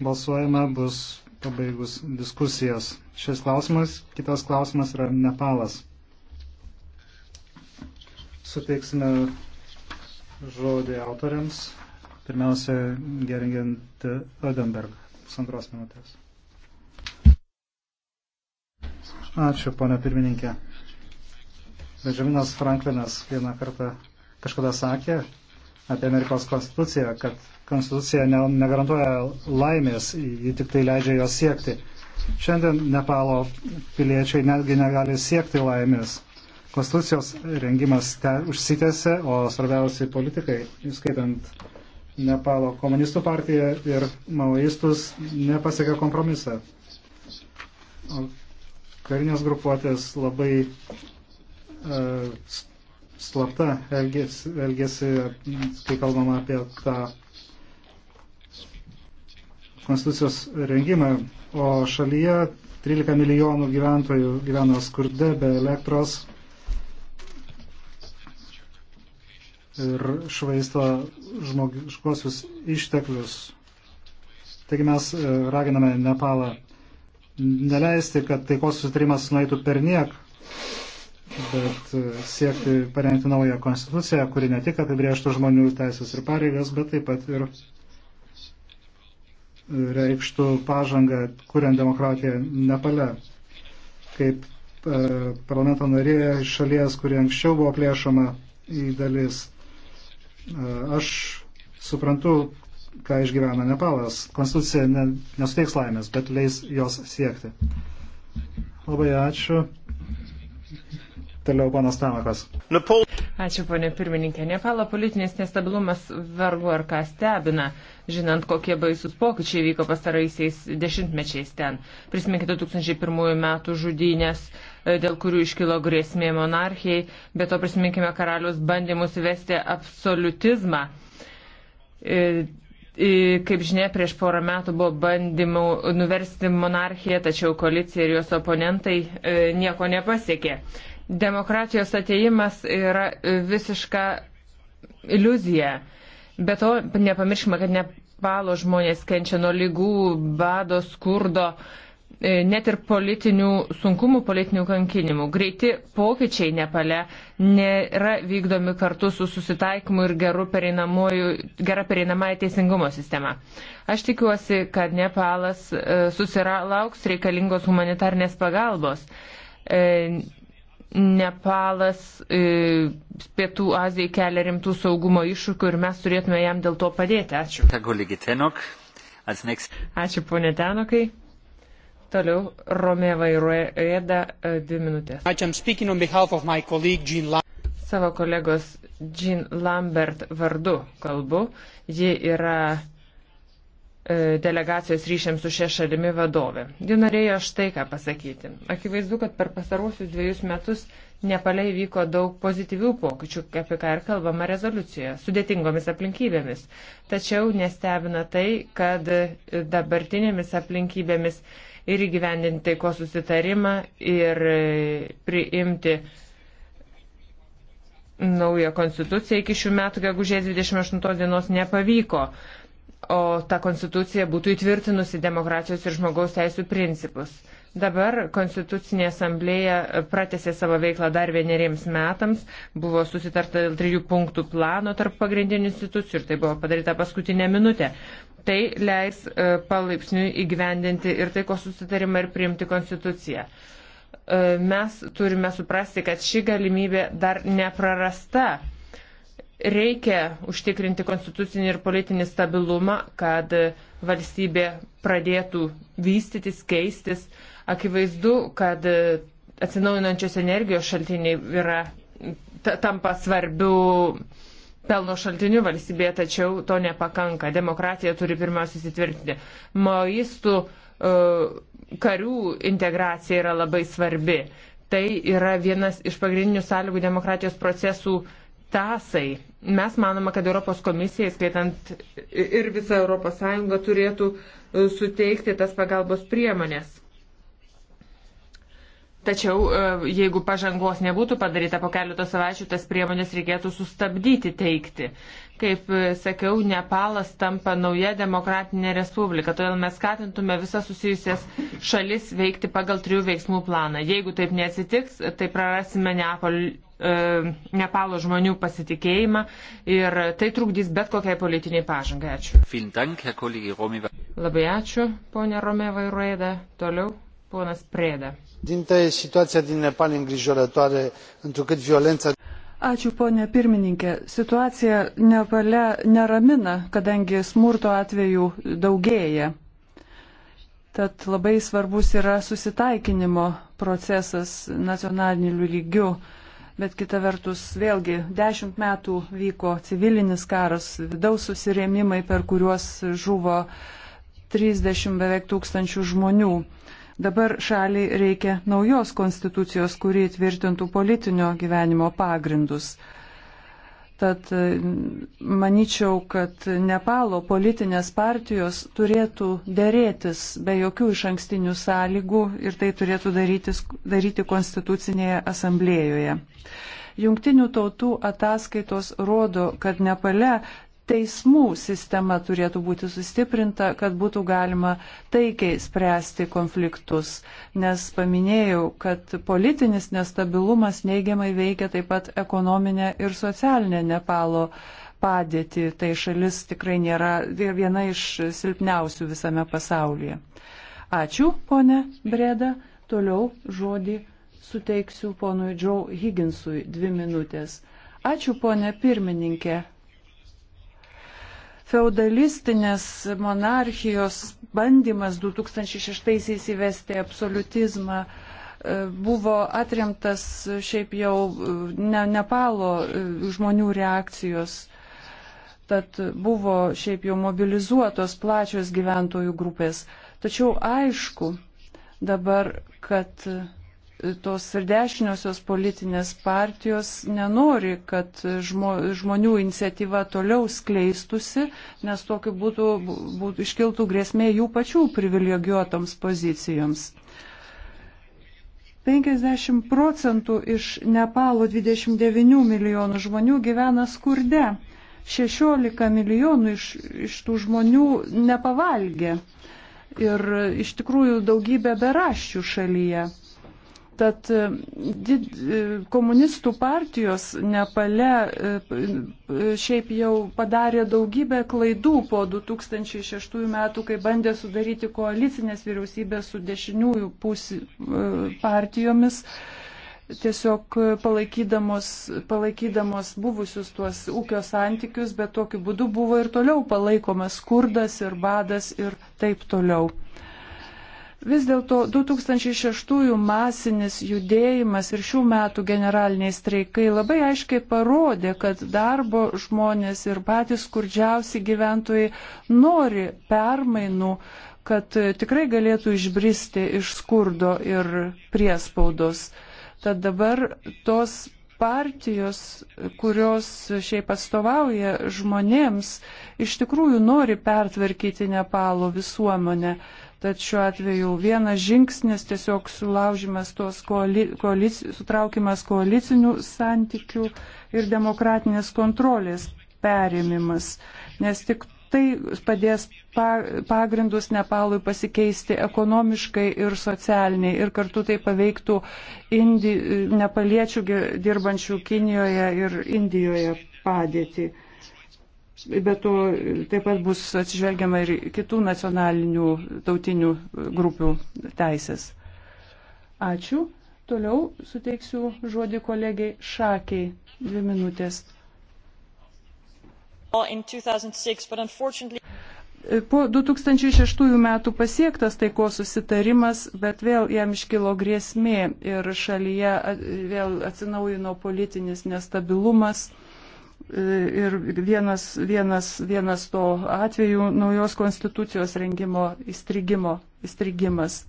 balsuojama bus pabaigus diskusijas. Šis klausimas, kitas klausimas yra Nepalas. Suteiksime žodį autoriams. Pirmiausia, geringiant Odenberg, pusantros minutės. Ačiū, ponia pirmininkė. Benjaminas Franklinas vieną kartą kažkada sakė apie Amerikos konstituciją, kad Konstitucija ne, negarantuoja laimės, ji tik tai leidžia jos siekti. Šiandien Nepalo piliečiai netgi negali siekti laimės. Konstitucijos rengimas užsitęsė, o svarbiausiai politikai, skaitant Nepalo komunistų partiją ir maoistus, nepasiekė kompromisą. O karinės grupuotės labai uh, slapta elgėsi, elgėsi, kai kalbama apie tą konstitucijos rengimą, o šalyje 13 milijonų gyventojų gyveno skurde be elektros ir švaisto žmogiškosius išteklius. Taigi mes e, raginame Nepalą neleisti, kad taikos susitarimas nueitų per niek, bet e, siekti parengti naują konstituciją, kuri ne tik apibrėžtų žmonių teisės ir pareigas, bet taip pat ir reikštų pažangą, kuriant demokratiją Nepale. Kaip e, parlamento narė iš šalies, kuri anksčiau buvo plėšoma į dalis, e, aš suprantu, ką išgyvena Nepalas. Konstitucija ne, nesuteiks laimės, bet leis jos siekti. Labai ačiū. Toliau panas Tamakas. Ačiū, ponė pirmininkė. Nepalo politinės nestabilumas vargu ar ką stebina, žinant, kokie baisus pokyčiai vyko pastaraisiais dešimtmečiais ten. Prisiminkite 2001 metų žudynės, e, dėl kurių iškilo grėsmė monarchijai, bet to prisiminkime karalius bandymus įvesti absolutizmą. E, e, kaip žinia, prieš porą metų buvo bandymų nuversti monarchiją, tačiau koalicija ir jos oponentai nieko nepasiekė. Demokratijos ateimas yra visiška iliuzija. Bet to nepamirškime, kad Nepalo žmonės kenčia nuo lygų, bado, skurdo, e, net ir politinių sunkumų, politinių kankinimų. Greiti pokyčiai Nepale nėra vykdomi kartu su susitaikymu ir gera pereinamąją teisingumo sistema. Aš tikiuosi, kad Nepalas e, susirauks reikalingos humanitarnės pagalbos e, Nepalas e, Pietų Azijai kelia rimtų saugumo iššūkių ir mes turėtume jam dėl to padėti. Ačiū. Ačiū, ponė Tenokai. Toliau Romėva įrėda e, dvi minutės. Ačiū, Savo kolegos Jean Lambert vardu kalbu. Ji yra E, delegacijos ryšiams su šia šalimi vadovė. Ji norėjo štai ką pasakyti. Akivaizdu, kad per pastarosius dviejus metus nepaliai vyko daug pozityvių pokyčių, apie ką ir kalbama rezoliucijoje, sudėtingomis aplinkybėmis. Tačiau nestebina tai, kad dabartinėmis aplinkybėmis ir įgyvendinti taiko susitarimą ir priimti naują konstituciją iki šių metų gegužės 28 dienos nepavyko o ta konstitucija būtų įtvirtinusi demokratijos ir žmogaus teisų principus. Dabar Konstitucinė asamblėja pratėsi savo veiklą dar vieneriems metams, buvo susitarta dėl trijų punktų plano tarp pagrindinių institucijų ir tai buvo padaryta paskutinė minutė. Tai leis e, palaipsniui įgyvendinti ir taiko susitarimą ir priimti Konstituciją. E, mes turime suprasti, kad ši galimybė dar neprarasta Reikia užtikrinti konstitucinį ir politinį stabilumą, kad valstybė pradėtų vystytis, keistis. Akivaizdu, kad atsinaujinančios energijos šaltiniai yra tampa svarbių pelno šaltinių valstybėje, tačiau to nepakanka. Demokratija turi pirmiausia įsitvirtinti. Maoistų uh, karių integracija yra labai svarbi. Tai yra vienas iš pagrindinių sąlygų demokratijos procesų uh, tasai. Mes manome, kad Europos komisija, skaitant ir visą ES, turėtų e, suteikti tas pagalbos priemonės. Tačiau e, jeigu pažangos nebūtų padaryta po keletos savaičių, tas priemonės reikėtų sustabdyti teikti. Kaip e, sakiau, Nepalas tampa nauja demokratinė respublika, todėl mes skatintume visas susijusias šalis veikti pagal trijų veiksmų planą. Jeigu taip neatsitiks, tai prarasime Neapol, e, Nepalo žmonių pasitikėjimą ir tai trukdys bet kokiai politiniai pažangai. Ačiū. Labai ačiū, ponė Romė Vairuėda. Toliau, ponas Prėda situația din nepal e îngrijorătoare întrucât violența. Ačiū, ponė pirmininkė. Situacija Nepale neramina, kadangi smurto atvejų daugėja. Tad labai svarbus yra susitaikinimo procesas nacionaliniu lygiu. Bet kita vertus, vėlgi, dešimt metų vyko civilinis karas, vidaus susirėmimai, per kuriuos žuvo 30 beveik tūkstančių žmonių. Dabar šaliai reikia naujos konstitucijos, kuri tvirtintų politinio gyvenimo pagrindus. Tad e, manyčiau, kad Nepalo politinės partijos turėtų dėrėtis be jokių iš ankstinių sąlygų ir tai turėtų darytis, daryti konstitucinėje asamblėjoje. Jungtinių tautų ataskaitos rodo, kad Nepale teismų sistema turėtų būti sustiprinta, kad būtų galima taikiai spręsti konfliktus, nes paminėjau, kad politinis nestabilumas neigiamai veikia taip pat ekonominę ir socialinę Nepalo padėtį. Tai šalis tikrai nėra viena iš silpniausių visame pasaulyje. Ačiū, ponė Breda. Toliau žodį suteiksiu ponui Joe Higginsui dvi minutės. Ačiū, ponė pirmininkė feudalistinės monarchijos bandymas 2006-aisiais įvesti absolutizmą e, buvo atremtas šiaip jau e, ne, Nepalo e, žmonių reakcijos. Tad buvo šiaip jau mobilizuotos plačios gyventojų grupės. Tačiau aišku dabar, kad tos ir dešiniosios politinės partijos nenori, kad žmo, žmonių iniciatyva toliau skleistusi, nes tokiu būtų, būtų iškiltų grėsmė jų pačių privilegijuotoms pozicijoms. 50 procentų iš Nepalo 29 milijonų žmonių gyvena skurde. 16 milijonų iš, iš tų žmonių nepavalgė. Ir iš tikrųjų daugybė beraščių šalyje. Tad e, did, e, komunistų partijos Nepale e, šiaip jau padarė daugybę klaidų po 2006 metų, kai bandė sudaryti koalicinės vyriausybės su dešiniųjų pusi partijomis, tiesiog palaikydamos, palaikydamos buvusius tuos ūkio santykius, bet tokiu būdu buvo ir toliau palaikomas skurdas ir badas ir taip toliau. Vis dėlto 2006 masinis judėjimas ir šių metų generaliniai streikai labai aiškiai parodė, kad darbo žmonės ir patys skurdžiausi gyventojai nori permainų, kad tikrai galėtų išbristi iš skurdo ir priespaudos. Tad dabar tos partijos, kurios šiaip atstovauja žmonėms, iš tikrųjų nori pertvarkyti Nepalo visuomenę. Ne Tad šiuo atveju vienas žingsnis tiesiog sulaužimas tos koali, koalic, sutraukimas koalicinių santykių ir demokratinės kontrolės perėmimas, nes tik tai padės pa, pagrindus Nepalui pasikeisti ekonomiškai ir socialiniai ir kartu tai paveiktų Indi, nepaliečių dirbančių Kinijoje ir Indijoje padėtį. Bet to taip pat bus atsižvelgiama ir kitų nacionalinių tautinių grupių teisės. Ačiū. Toliau suteiksiu žodį kolegiai Šakiai. Dvi minutės. Po 2006 metų pasiektas taikos susitarimas, bet vėl jam iškilo grėsmė ir šalyje vėl atsinaujino politinis nestabilumas ir vienas, vienas, vienas to atveju naujos konstitucijos rengimo įstrigimo, įstrigimas.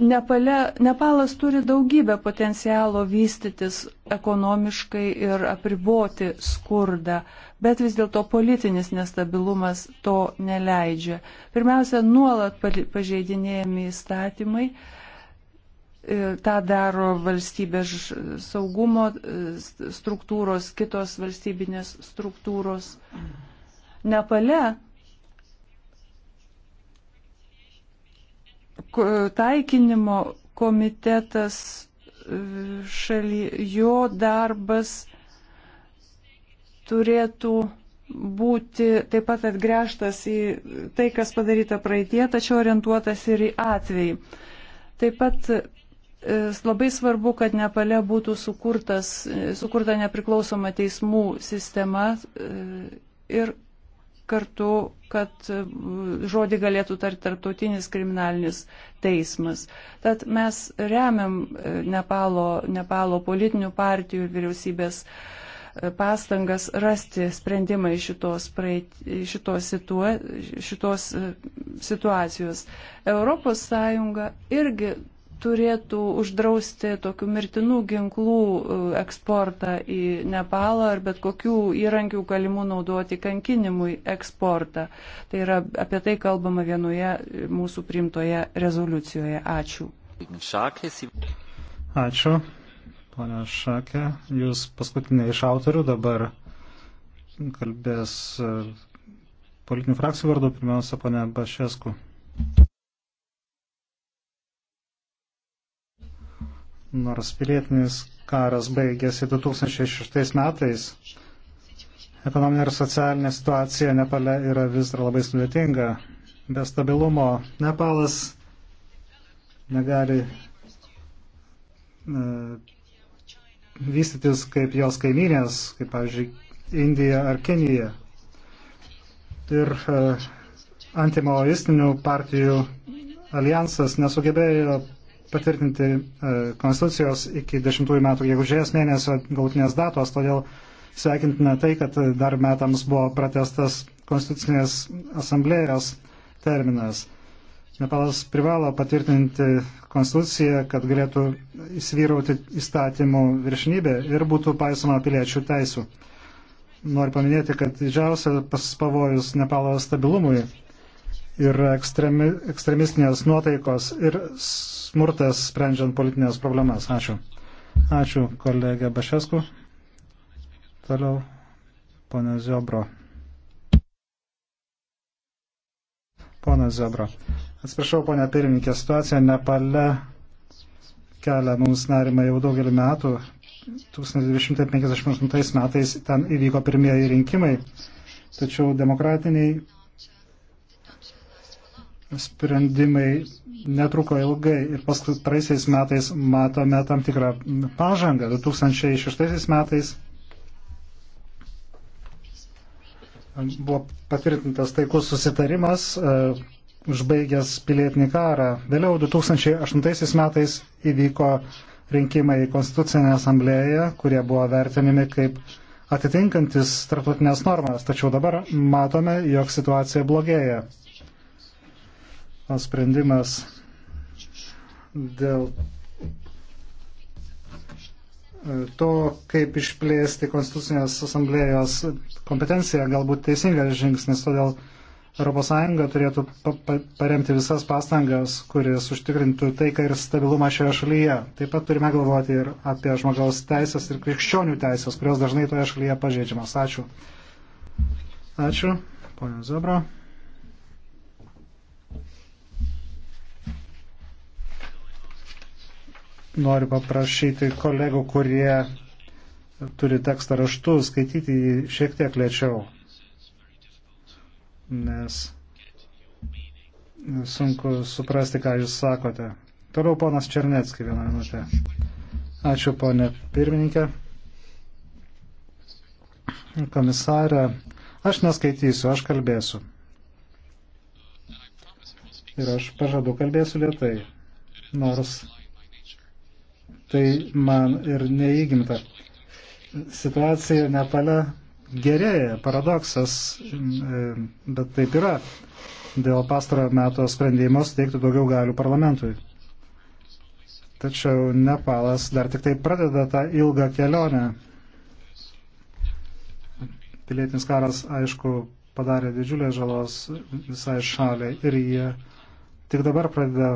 Nepale, Nepalas turi daugybę potencialo vystytis ekonomiškai ir apriboti skurdą, bet vis dėlto politinis nestabilumas to neleidžia. Pirmiausia, nuolat pažeidinėjami įstatymai, uh, E, tą daro valstybės saugumo e, struktūros, kitos valstybinės struktūros. Nepale taikinimo komitetas e, šaly, jo darbas turėtų būti taip pat atgręžtas į tai, kas padaryta praeitie, tačiau orientuotas ir į atvejį. Taip pat E, labai svarbu, kad Nepale būtų sukurtas, e, sukurta nepriklausoma teismų sistema e, ir kartu, kad žodį galėtų tarti tarptautinis kriminalinis teismas. Tad mes remiam Nepalo, Nepalo politinių partijų ir vyriausybės pastangas rasti sprendimą iš šitos, praeit, šitos, situa, šitos situacijos. Europos Sąjunga irgi turėtų uždrausti tokių mirtinų ginklų e, eksportą į Nepalą ar bet kokių įrankių galimų naudoti kankinimui eksportą. Tai yra apie tai kalbama vienoje mūsų priimtoje rezoliucijoje. Ačiū. Ačiū, ponia Šakė. Jūs paskutinė iš autorių dabar kalbės e, politinių frakcijų vardu, pirmiausia, ponia Bašesku. nors pilietinis karas baigėsi 2006 metais, ekonominė ir socialinė situacija Nepale yra vis dar labai sudėtinga. Be stabilumo Nepalas negali uh, vystytis kaip jos kaiminės, kaip, pavyzdžiui, Indija ar Kinija. Ir uh, antimaoistinių partijų alijansas nesugebėjo patvirtinti e, konstitucijos iki 10 metų gegužės mėnesio galutinės datos, todėl sveikintina tai, kad dar metams buvo pratestas konstitucinės asamblėjos terminas. Nepalas privalo patvirtinti konstituciją, kad galėtų įsivyrauti įstatymų viršnybė ir būtų paisoma piliečių teisų. Noriu paminėti, kad didžiausias pavojus Nepalo stabilumui yra ekstremi, ekstremistinės nuotaikos ir smurtas sprendžiant politinės problemas. Ačiū. Ačiū kolegė Bašesku. Toliau ponė Ziobro. Pona Ziobro. Atsiprašau, ponė pirmininkė, situacija Nepale kelia mums nerimą jau daugelį metų. 1958 metais ten įvyko pirmieji rinkimai, tačiau demokratiniai sprendimai netruko ilgai ir pastaraisiais metais matome tam tikrą pažangą. 2006 metais buvo patvirtintas taikus susitarimas, e, užbaigęs pilietinį karą. Vėliau 2008 metais įvyko rinkimai į Konstitucinę asamblėją, kurie buvo vertinimi kaip atitinkantis tarptautinės normas, tačiau dabar matome, jog situacija blogėja sprendimas dėl e, to, kaip išplėsti Konstitucinės asamblėjos kompetenciją, galbūt teisingas žingsnis, todėl ES turėtų pa pa paremti visas pastangas, kuris užtikrintų taiką ir stabilumą šioje šalyje. Taip pat turime galvoti ir apie žmogaus teisės ir krikščionių teisės, kurios dažnai toje šalyje pažeidžiamas. Ačiū. Ačiū, ponė Zebra. noriu paprašyti kolegų, kurie turi tekstą raštu, skaityti jį šiek tiek lėčiau, nes sunku suprasti, ką jūs sakote. Toliau ponas Černetski vieną minutę. Ačiū ponė pirmininkė. Komisarė, aš neskaitysiu, aš kalbėsiu. Ir aš pažadu, kalbėsiu lietai. Nors tai man ir neįgimta. Situacija Nepale gerėja, paradoksas, e, bet taip yra. Dėl pastarojo meto sprendimo suteiktų daugiau galių parlamentui. Tačiau Nepalas dar tik tai pradeda tą ilgą kelionę. Pilietinis karas, aišku, padarė didžiulę žalos visai šaliai ir jie tik dabar pradeda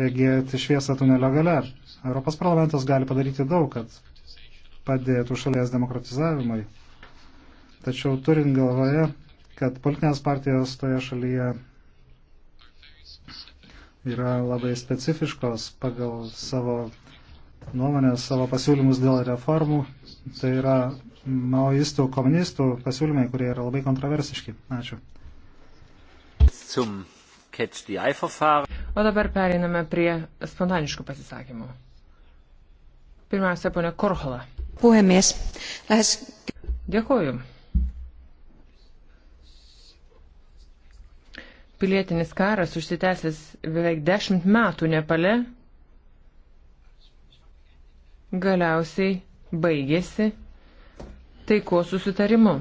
regėti šviesą tunelio gale. Europos parlamentas gali padaryti daug, kad padėtų šalies demokratizavimui. Tačiau turint galvoje, kad politinės partijos toje šalyje yra labai specifiškos pagal savo nuomonės, savo pasiūlymus dėl reformų, tai yra maoistų, komunistų pasiūlymai, kurie yra labai kontroversiški. Ačiū. O dabar pereiname prie spontaniškų pasisakymų. Pirmiausia, ponia Korhola. Puhemies. Lähes... Dėkuoju. Pilietinis karas užsitęsęs beveik dešimt metų Nepale galiausiai baigėsi taiko susitarimu.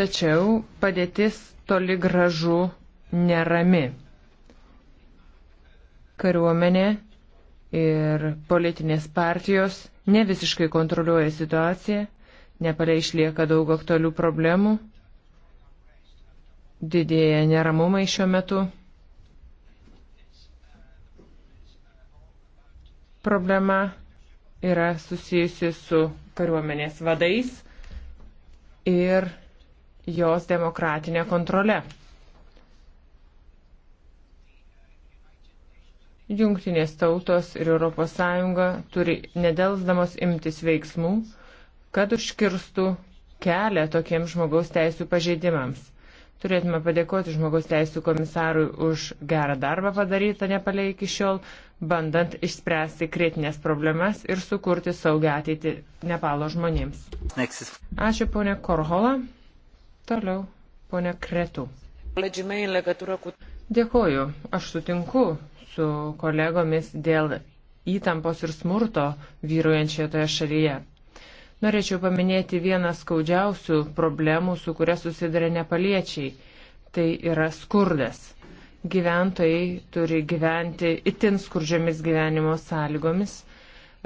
Tačiau padėtis toli gražu nerami. Kariuomenė ir politinės partijos ne visiškai kontroliuoja situaciją, nepaliai išlieka daug aktualių problemų, didėja neramumai šiuo metu. Problema yra susijusi su kariuomenės vadais ir jos demokratinė kontrolė. Jungtinės tautos ir ES turi nedelsdamos imtis veiksmų, kad užkirstų kelią tokiems žmogaus teisų pažeidimams. Turėtume padėkoti žmogaus teisų komisarui už gerą darbą padarytą nepalei iki šiol, bandant išspręsti kritinės problemas ir sukurti saugę ateitį Nepalo žmonėms. Ačiū ponė Korhola. Toliau ponė Kretų. Dėkoju. Aš sutinku su kolegomis dėl įtampos ir smurto vyruojančioje toje šalyje. Norėčiau paminėti vieną skaudžiausių problemų, su kuria susiduria nepaliečiai. Tai yra skurdas. Gyventojai turi gyventi itin skurdžiomis gyvenimo sąlygomis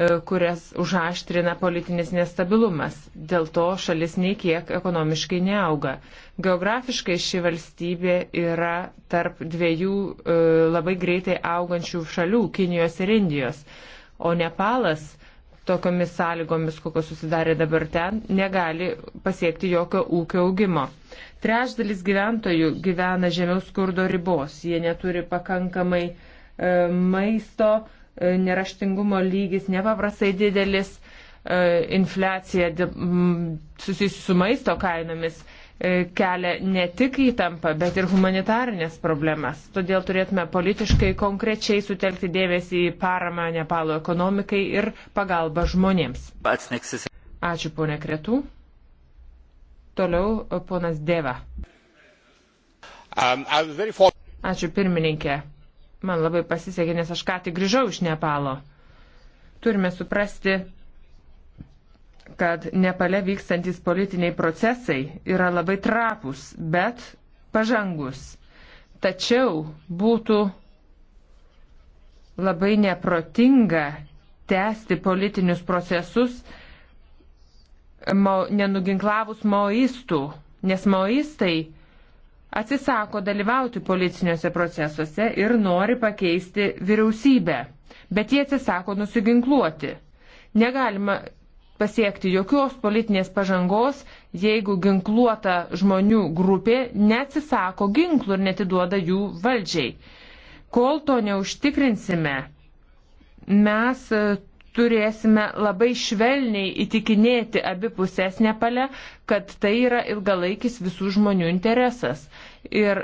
E, kurias užaštrina politinis nestabilumas. Dėl to šalis nei kiek ekonomiškai neauga. Geografiškai ši valstybė yra tarp dviejų e, labai greitai augančių šalių - Kinijos ir Indijos. O Nepalas tokiomis sąlygomis, kokios susidarė dabar ten, negali pasiekti jokio ūkio augimo. Trečdalis gyventojų gyvena žemiau skurdo ribos, jie neturi pakankamai e, maisto, E, neraštingumo lygis nepaprastai didelis, e, infliacija susijusi su maisto kainomis e, kelia ne tik įtampą, bet ir humanitarinės problemas. Todėl turėtume politiškai konkrečiai sutelkti dėmesį į paramą Nepalo ekonomikai ir pagalbą žmonėms. Ačiū, ponė Kretų. Toliau ponas Deva. Um, Ačiū, pirmininkė. Man labai pasisekė, nes aš ką tik grįžau iš Nepalo. Turime suprasti, kad Nepale vykstantis politiniai procesai yra labai trapus, bet pažangus. Tačiau būtų labai neprotinga tęsti politinius procesus ma nenuginklavus maoistų, nes maoistai atsisako dalyvauti policiniuose procesuose ir nori pakeisti vyriausybę, bet jie atsisako nusiginkluoti. Negalima pasiekti jokios politinės pažangos, jeigu ginkluota žmonių grupė neatsisako ginklų ir netiduoda jų valdžiai. Kol to neužtikrinsime, mes turėsime labai švelniai įtikinėti abipusės Nepale, kad tai yra ilgalaikis visų žmonių interesas. Ir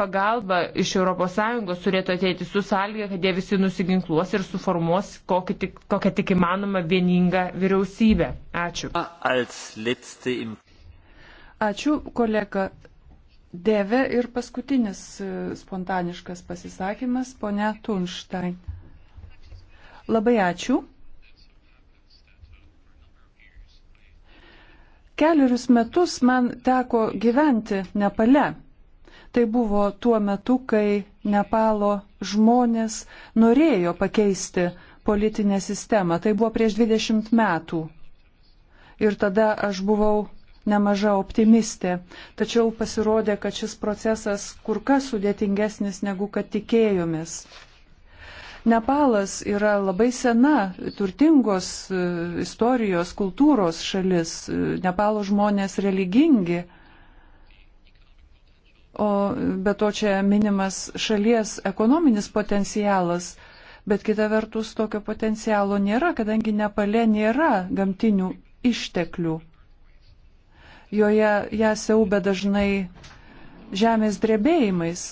pagalba iš ES turėtų ateiti su sąlyga, kad jie visi nusiginkluos ir suformuos kokį tik, kokią tik įmanoma vieningą vyriausybę. Ačiū. Ačiū, kolega. Deve ir paskutinis e, spontaniškas pasisakymas, ponia Tunštain. Labai ačiū. Keliarius metus man teko gyventi Nepale. Tai buvo tuo metu, kai Nepalo žmonės norėjo pakeisti politinę sistemą. Tai buvo prieš 20 metų. Ir tada aš buvau nemaža optimistė. Tačiau pasirodė, kad šis procesas kur kas sudėtingesnis negu kad tikėjomės. Nepalas yra labai sena, turtingos e, istorijos, kultūros šalis. E, Nepalo žmonės religingi. O be to čia minimas šalies ekonominis potencialas. Bet kita vertus tokio potencialo nėra, kadangi Nepale nėra gamtinių išteklių. Joje ją siaubia dažnai žemės drebėjimais.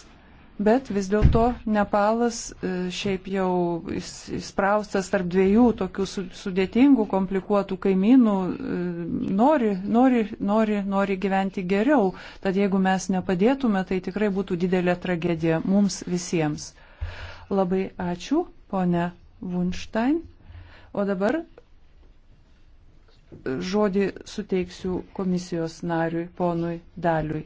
Bet vis dėlto Nepalas e, šiaip jau įspraustas tarp dviejų tokių sudėtingų, komplikuotų kaimynų, e, nori, nori, nori, nori gyventi geriau. Tad jeigu mes nepadėtume, tai tikrai būtų didelė tragedija mums visiems. Labai ačiū, ponė Wunstein. O dabar žodį suteiksiu komisijos nariui, ponui Daliui.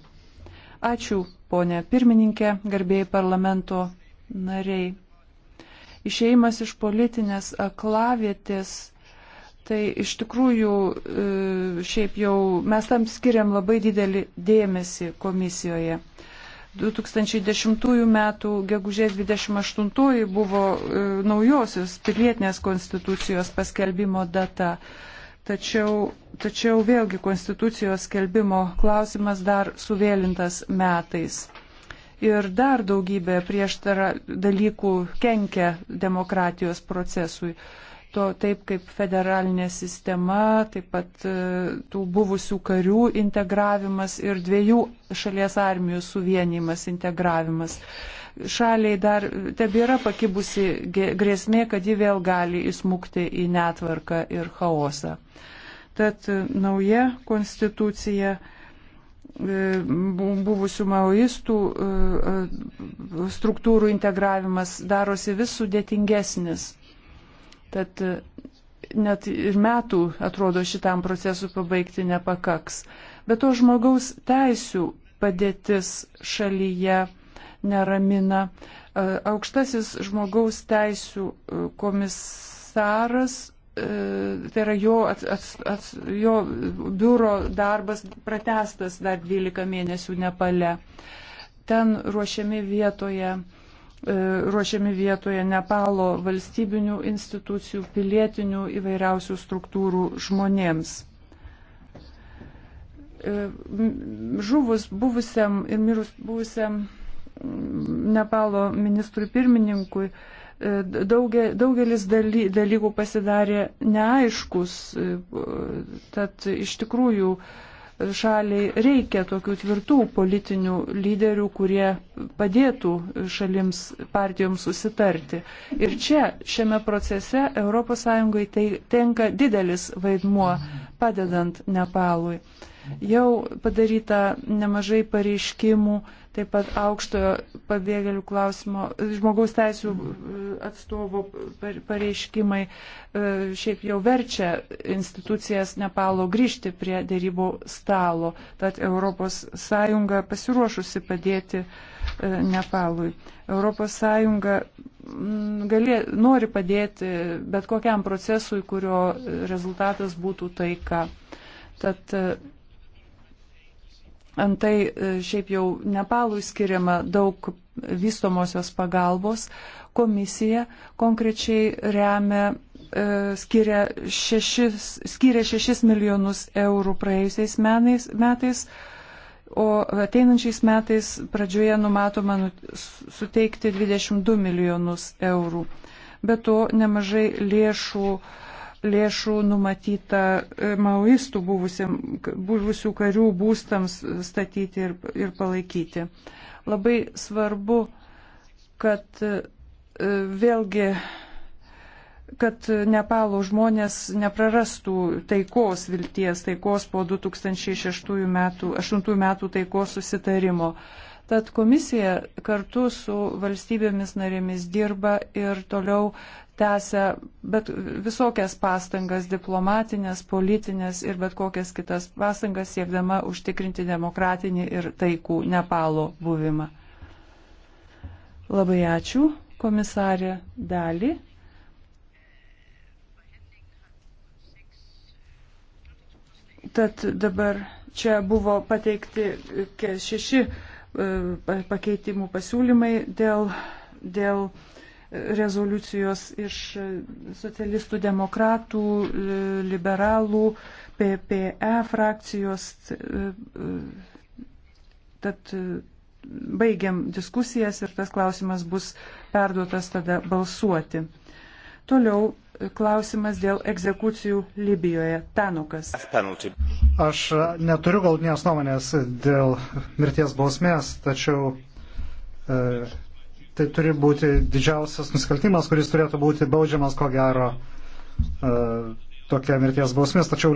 Ačiū, ponė pirmininkė, garbėjai parlamento nariai. Išėjimas iš politinės aklavietės Tai iš tikrųjų, e, šiaip jau mes tam skiriam labai didelį dėmesį komisijoje. 2010 m. gegužės 28 buvo e, naujosios pilietinės konstitucijos paskelbimo data. Tačiau, tačiau vėlgi konstitucijos skelbimo klausimas dar suvėlintas metais. Ir dar daugybė prieštara dalykų kenkia demokratijos procesui to taip kaip federalinė sistema, taip pat e, tų buvusių karių integravimas ir dviejų šalies armijų suvienimas integravimas šaliai dar tebėra pakibusi grėsmė, kad ji vėl gali įsmukti į netvarką ir chaosą. Tad e, nauja konstitucija e, buvusių maoistų e, struktūrų integravimas darosi vis sudėtingesnis. Tad net ir metų, atrodo, šitam procesui pabaigti nepakaks. Bet to žmogaus teisų padėtis šalyje neramina. E, aukštasis žmogaus teisų e, komisaras e, tai yra jo, ats, ats, jo biuro darbas pratestas dar 12 mėnesių Nepale. Ten ruošiami vietoje, ruošiami vietoje Nepalo valstybinių institucijų, pilietinių įvairiausių struktūrų žmonėms. Žuvus buvusiam ir mirus buvusiam Nepalo ministrui pirmininkui e, daugelis dalykų pasidarė neaiškus, e, tad iš tikrųjų šaliai reikia tokių tvirtų politinių lyderių, kurie padėtų šalims partijoms susitarti. Ir čia, šiame procese, ES tai tenka didelis vaidmuo padedant Nepalui. Jau padaryta nemažai pareiškimų, taip pat aukštojo pabėgėlių klausimo, žmogaus teisų e, atstovo pareiškimai e, šiaip jau verčia institucijas Nepalo grįžti prie dėrybų stalo, tad ES pasiruošusi padėti e, Nepalui. ES galė, nori padėti bet kokiam procesui, kurio rezultatas būtų taika. Tad Antai e, šiaip jau Nepalui skiriama daug vystomosios pagalbos. Komisija konkrečiai remia, e, skiria 6, skiria 6 milijonus eurų praėjusiais metais, metais, o ateinančiais metais pradžioje numatoma nu, suteikti 22 milijonus eurų. Be to nemažai lėšų uh, lėšų numatyta e, maoistų buvusiam, buvusių karių būstams statyti ir, ir palaikyti. Labai svarbu, kad e, vėlgi kad Nepalo žmonės neprarastų taikos vilties, taikos po 2008 metų, metų taikos susitarimo. Tad komisija kartu su valstybėmis narėmis dirba ir toliau tęsia bet visokias pastangas, diplomatinės, politinės ir bet kokias kitas pastangas, siekdama užtikrinti demokratinį ir taikų Nepalo buvimą. Labai ačiū, komisarė Dali. Tad dabar čia buvo pateikti šeši e, pakeitimų pasiūlymai dėl, dėl rezoliucijos iš socialistų demokratų, liberalų, PPE frakcijos. Tad baigiam diskusijas ir tas klausimas bus perduotas tada balsuoti. Toliau klausimas dėl egzekucijų Libijoje. Tanukas. Aš neturiu galtinės nuomonės dėl mirties bausmės, tačiau e, tai turi būti didžiausias nusikaltimas, kuris turėtų būti baudžiamas ko gero e, tokia mirties bausmės, tačiau